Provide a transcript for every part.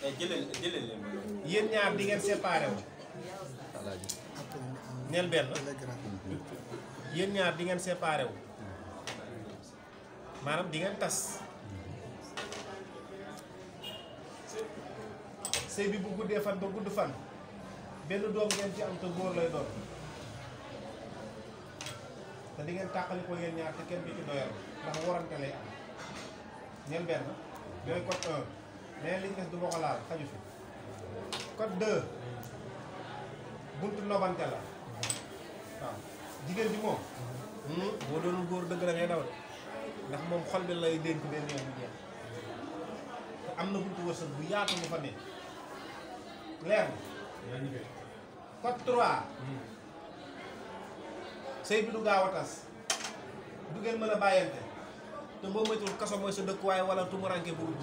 Eh, jëlal jëlal leen ñaar di ngeen séparé wu. neel benn yéen ñaar di ngeen séparé wu maanaam di ngeen tas. sëy bi bu guddee fan ba gudd fan benn doom ngeen ci am te góor lay doon te di ngeen tàqali ko yéen ñaar te kenn bi ci doyal ndax warante am neel benn. yooyu code leneen li ñu des du ma ko xaju fi code 2 buntu nobante la jigéen bi moom hmm, boo doonul góor dëgg da ngay ndax moom xol bi lay dénk benn yoon bu jeex te am na buntu wërsëg bu yaatu bu fa ne leer na code 3 hmm. bi du gaaw a tas du ngeen mën a bàyyante te boo moytuwul kaso mooy sa wala tumuranke bu wut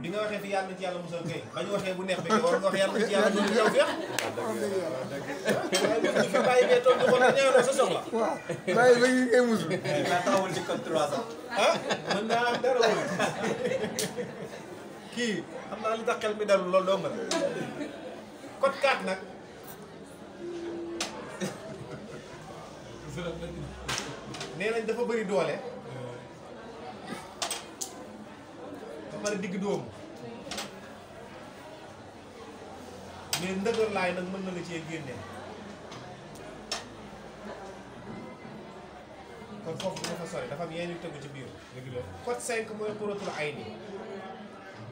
bi nga waxee fi yàlla na ci yàlla musal kay ba ñu waxee bu neex bi war nga wax yàlla na ci yàlla musal yow feex waaye fi bàyyi bee toog ñu ko ñëw na sa soxla waaw bàyyi ba ñu ngay musul naa taxawul ci code trois sax naa dara woon kii xam naa li tax xel mi dalul loolu dong la code quatre nag nee nañ dafa bari doole ba pare digg doomu mais ndëgër laay nag mën na la cee génne kon foofu dina fa sori dafa am yenn tegu ci biir. dëgg la code 5 mooy xuratul ay ni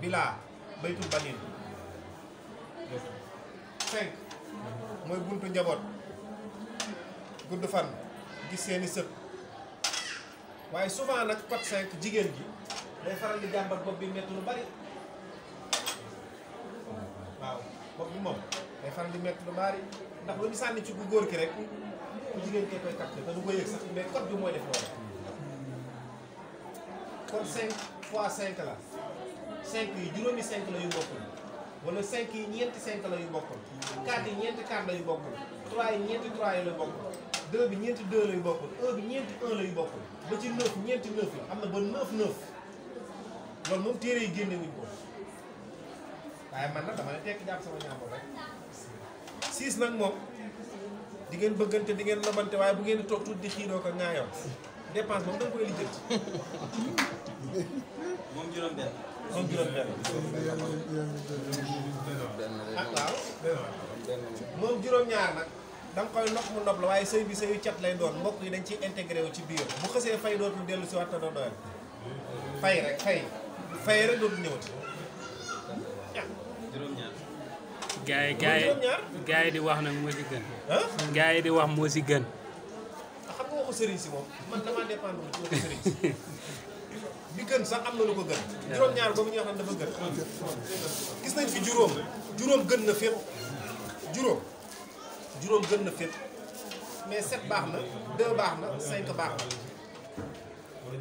bilaa baytul banin. 5 mooy buntu njaboot gudd fan gis seeni sët. waaye souvent nag code 5 jigéen ji day faral di jàmbat bopp bi métti lu bari waaw bopp bi moom day faral di métti lu bari ndax lu ñu sànni ci ku góor ki rek ku jigéen kee koy capté te ko yëg sax mais code bi mooy def loolu code la cinq yi juróomi 5 la yu bokkul wala 5 yi ñeenti 5 la yu bokkul 4 yi ñeenti 4 la yu bokkul 3 yi ñeenti 3 yi la bokkul deux bi ñeenti deux lay bokkul un bi ñeenti un ba ci neuf ñeenti neuf la am na ba neuf neuf loolu moom téere yi génne wuñ ko waaye man nag dama ne tekk jàpp sama ñaam rek siis nag moom di bëggante di ngeen lobante waaye bu ngeen di toog tuuti di xiiroo ko ŋaayoo dépense moom da nga koy lijjanti. moom juróom-benn. moom ah, juróom-ñaar nag. da nga koy nopp mu nopp la waaye sëy bi sëyu cat lay doon mbokk yi dañ ciy integre wu ci biir bu xësee fay dootul dellu si waat te doo doyal fay rek fay fay rek dootul ñëwati. juróom-ñaar. gaa yi di wax nag moo si gën. gaa yi di wax moo si gën. xam nga waxu sëriñ si moom man damaa bi gën sax am na lu ko gën. juróom-ñaar boobu ñu wax dafa gën. gis nañ fi juróom. juróom gën na fépp juróom. juróom gën na fépp mais sept baax na deux baax na cinq baax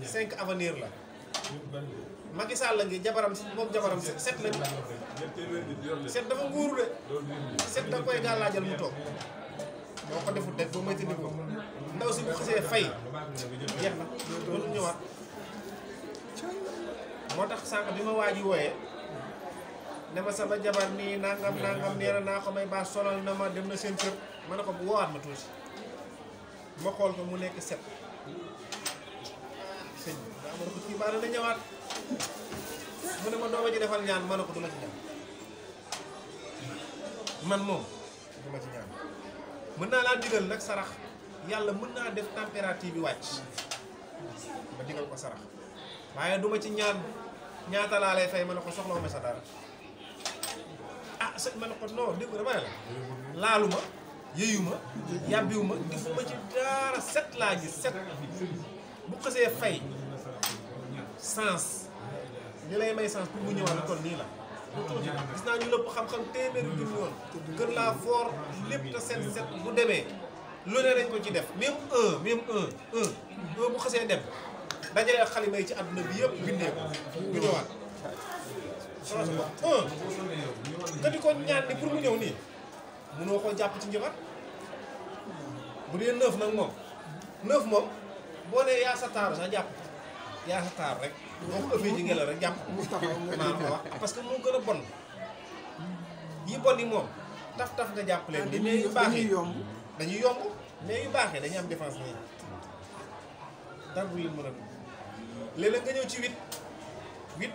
na cinq avenir la Macky Sall la ngi jabaram moom jabaram set lañ set dafa nguuru de set da koy gàllaajal mu toog boo ko defut def ba moytandi ko ndaw si bu xasee fay jeex na mënul ñëwaat moo tax sànq bi ma waaj yi wooyee ne ma sama jabar nii nangam nangam nee naa ko may baa solal na ma dem na seen kër ma ne ko bu woowaat ma tuuti ma xool ko mu nekk set sëñ bi daa ma ne ko kii defal ñaan ma ko du ma ci ñaan man moom du ci ñaan mën naa laa digal nag sarax yàlla mën naa def température bi wàcc ma digal ko sarax waaye du ci ñaan ñaata laa lay fay ma ne ko soxla ma dara set ma ne ko non dégg nga dama ne laalu ma yëyu ma yàbbiwu ma defu ma ci daara set laa gis set bu xasee fay sens li lay may sens pour mu ñëwaat lu toll nii la gis naa ñu lëpp xam-xam téeméeri junni woon gën laa foor lépp te set set bu demee lu ne dañ ko ci def même un même un bu xasee dem dajale xalima yi ci àdduna bi yëpp bindee ko ñu nga di ko ñaan ni pour mu ñëw nii mënoo koo jàpp ci njabar bu dee neuf nag moom neuf moom boo nee yaa sa taaru sax jàpp yaa sa taaru rek boo ko ëppee ci ngelaw rek jàpp maanaam wax parce que moo gën a bon yi bon yi moom taf taf nga jàpp leen di mais yu baaxee dañu yomb mais yu baaxee dañuy am défense nii dara du leen mën a léeg-léeg nga ñëw ci huit huit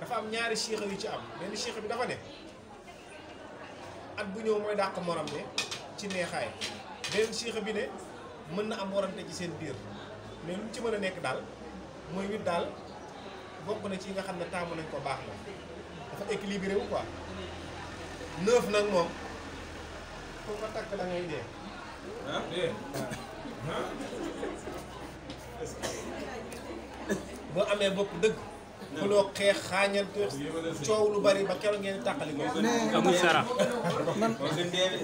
dafa am ñaari siixa yu ci am benn siixa bi dafa ne at bu ñëw mooy dàq morom ne ci neexaay benn siixa bi ne mën na am morante ci seen biir mais lu ci mën a nekk daal mooy wit daal bokk na ci nga xam ne taamu nañ ko baax na dafa équilibré wu quoi nag moom pour nga takk da dee boo amee bopp dëgg xuloo xeex xaañante coow lu bari ba keroog ngeen tàqali ko. amul sarax man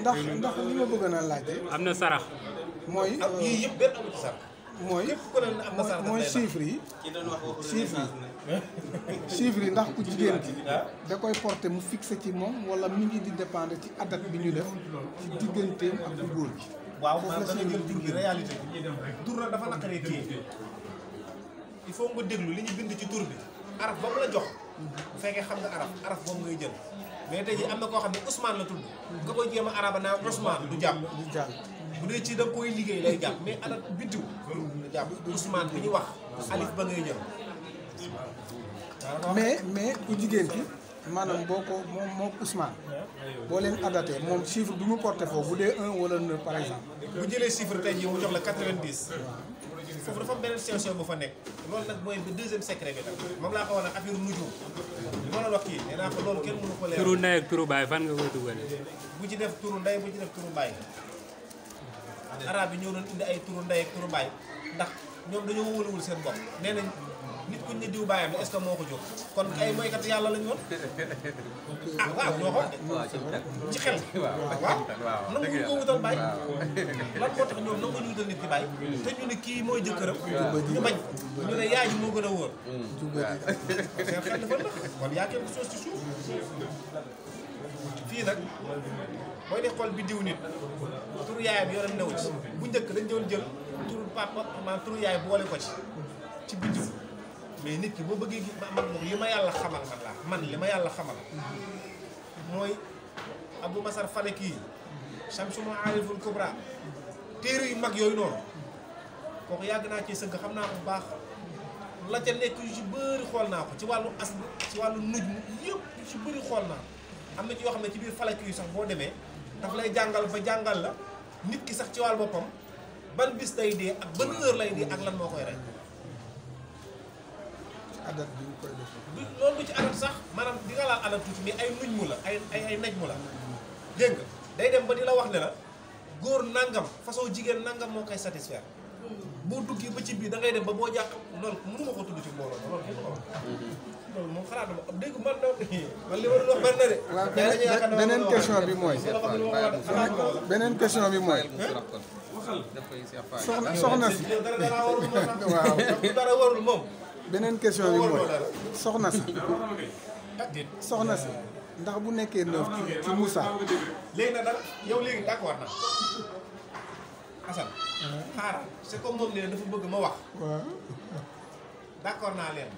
ndax ndax li ma bëgg na laajte. am na sarax. mooy ak yii yëpp benn amul sarax. mooy mooy chiffre yi chiffre yi chiffre yi ndax ku jigéen ki da koy porté mu fixé ci moom wala mi ngi di dépendre ci adat bi ñu def ci digganteem ak bu góor bi waaw foofu la seen digg réalité bi tur la dafa naqaree téye il faut nga déglu li ñu ci tur bi araf ba mu la jox bu fekkee xam nga araf araf boobu ngay jël mais tey jii am na koo xam ne Ousmane la tudd nga koy jéem a araba naa Ousmane du jàpp bu dee ci da koy liggéey lay jàpp mais ana biddiw du jàpp Ousmane bi ñu wax alif ba ngay jël mais mais ku jigéen ki maanaam boo ko moom moom Ousmane boo leen adapté moom chiffre bi mu porté foofu bu dee un wala neuf par bu jëlee chiffre tey jii mu jox la quatre-vingt-dix. foofu dafa am beneen situation bu fa nekk. loolu nag mooy deuxième secret bi nag moom laa ko wax nag affaire nujum. li ma la wax kii nee naa ko loolu kenn mënu ak turu baay fan nga koy dugalee. bu ci def turu ndey bu ci def turu baay. arab yi ñoo doon indi ay turu ndey ak turu baay ndax ñoom dañoo wóoluwul seen bopp nee nit kuñ ne diw bàyyam la est ce que moo ko jóg kon ay moykat yàlla lañ woon ah, waaw ñoo ko ci xel waaw nanguñ ko wutal bàyyi lan moo tax ñoom nanguñ wutal nit ki bàyyi mm. te ñu ne kii mooy jëkkëram ñu bañ ñu ne yaay gën a wóor seen mm. xel dafa ndax kon yaa kenn soos ci suuf fii xool bi diw nit tur yaayam yoonam new ci bu njëkk dañ doon jël tur papa maanaam tur yaay boole ko ci ci biddiw mais nit ki boo bëggee gis ma man moom li ma yàlla xamal man man li ma yàlla xamal mooy Abou Masar Falek yi Shamsul Ariful Kubra téere yu mag yooyu noonu kooku yàgg naa ci sëgg xam naa bu baax la ca nekk yu ci bëri xool naa ko ci wàllu as ci wàllu nuj mu yëpp yu ci bëri xool naa am na ci yoo xam ne ci biir falak yu sax boo demee daf lay jàngal ba jàngal la nit ki sax ci wàll boppam ban bis day dee ak ban heure lay dee ak lan moo koy rey adat bi koy def loolu du ci adat sax maanaam di nga laal adat la ay ay ay dem ba di la wax ne la góor nangam façon jigéen nangam moo koy satisfaire boo duggee ba ci biir da ngay dem ba boo jàq loolu mënuma ko tudd ci mbooloo loolu kenn ko wax loolu moom xalaat beneen question bi mooy beneen question bi mooy soxna si waaw dara warul moom beneen question bi mooy soxna si ah, ah, soxna si ndax bu nekkee neuf ci ci Moussa. Ah, léegi nag yow léegi d'accord na Assane. xaaral c'est comme moom nee dafa bëgg ma wax. waaw naa leen.